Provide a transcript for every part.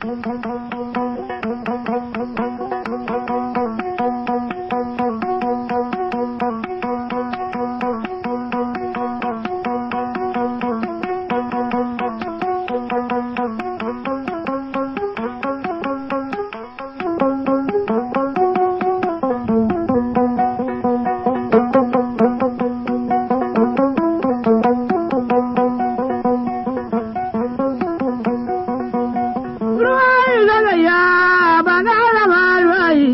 通通通通通通通通通通通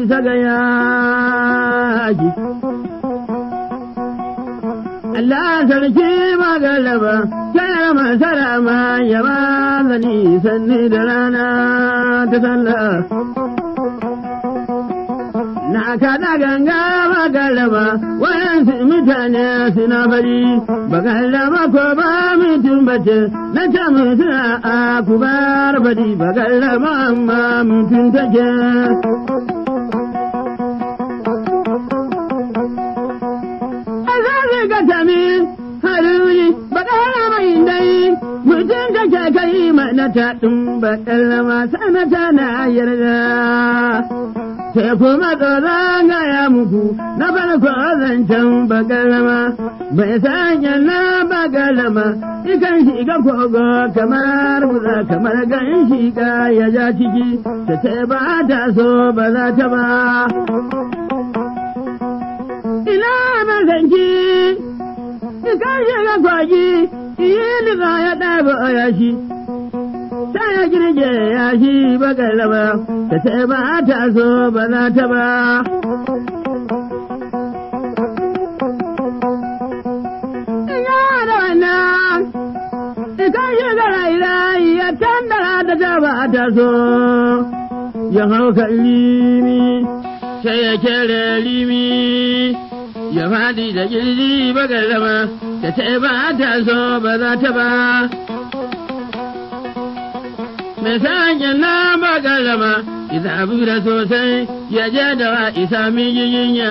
isa ga yaƙi. Allah sarki magalaba, shayar masara ma ya ba zani nisan da rana ta sallah. na kaɗa ganga ba galaba wayansu mutane suna bari ba galaba ko ba mutum bace na ce mutum a kubar bari ba galaba amma mutum take sanata ɗin baƙar ma ta na yarda. Sai kuma tsoron gaya muku na farko zancen baƙar bai sanya na baƙar ma, ikan shiga kogo kamar wuza kamar gan shiga ya ja ciki, ta ce ba ta so ba za ta ba. Ina ba mazanki, ikan shiga kogi, iya liga ya ɗaya ba a yashi. ta girge ya shi bagaraba ta sai ba ta so ba za ta ba. ta so ya hauka limi sai ya kere limi ya faɗi da girji bagar zama ta ba ta so ba za ta ba. mai sanya na bagalama isa abu da sosai ya je da wa isa mijiyin ya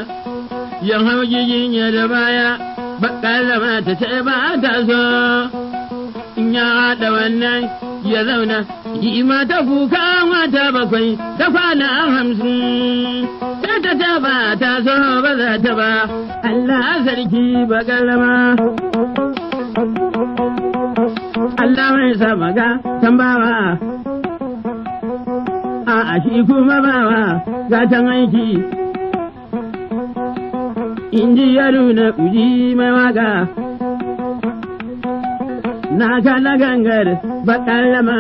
ya hau jiyin da baya bagalama ta ce ba ta so in ya haɗa wannan ya zauna yi mata kuka wata bakwai ta kwana hamsin sai ta ta ba ta so ba za ta ba Allah sarki bagalama Allah mai sa maga tambawa a shi kuma bawa ta aiki inji ya nuna uji mai waka na kala gangar bakan lama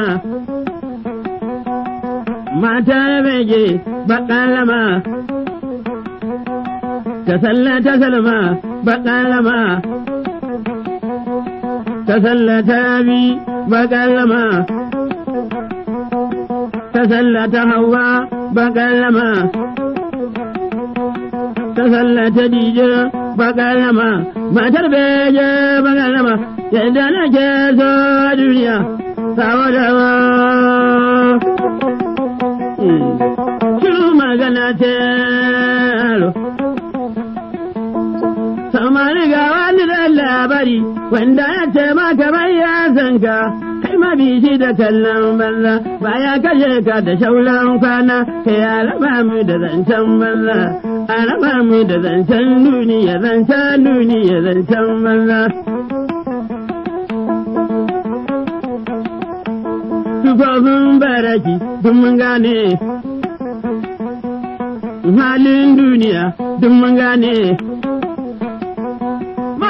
mata ya bege bakan lama ta sallata salma bakan lama ta sallata bi bakan تسلت هوا بقلما تسلت ديجا بقلما ما تربيجا بقلما يدنا جازا دنيا سوالوا شنو ما قلنا samani ga wani labari wanda ya ce maka bai ya zanka mabi shi da kallon banza ba ya kashe ka da shaulan kwana ka ya raba mu da zancen banza a raba mu da zancen nuni ya zancen nuni ya zancen banza. Tufafin baraki duk mun gane halin duniya duk mun gane.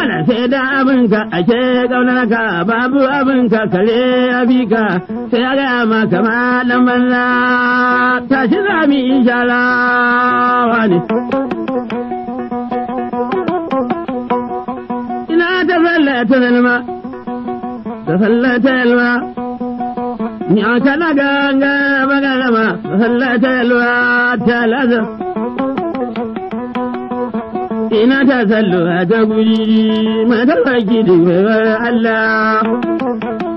Dole sai da abin ka ake ƙaunar ka babu abin ka kare abi ka sai ya gaya ma kama dan banza tashi za mu insha Allah ne. Ina ta sallata zalma, ta sallata yalma, ni a kana ganga bagarama, ta sallata yalma ta lazar. ina ta sallo a ta guri matar baki da Allah.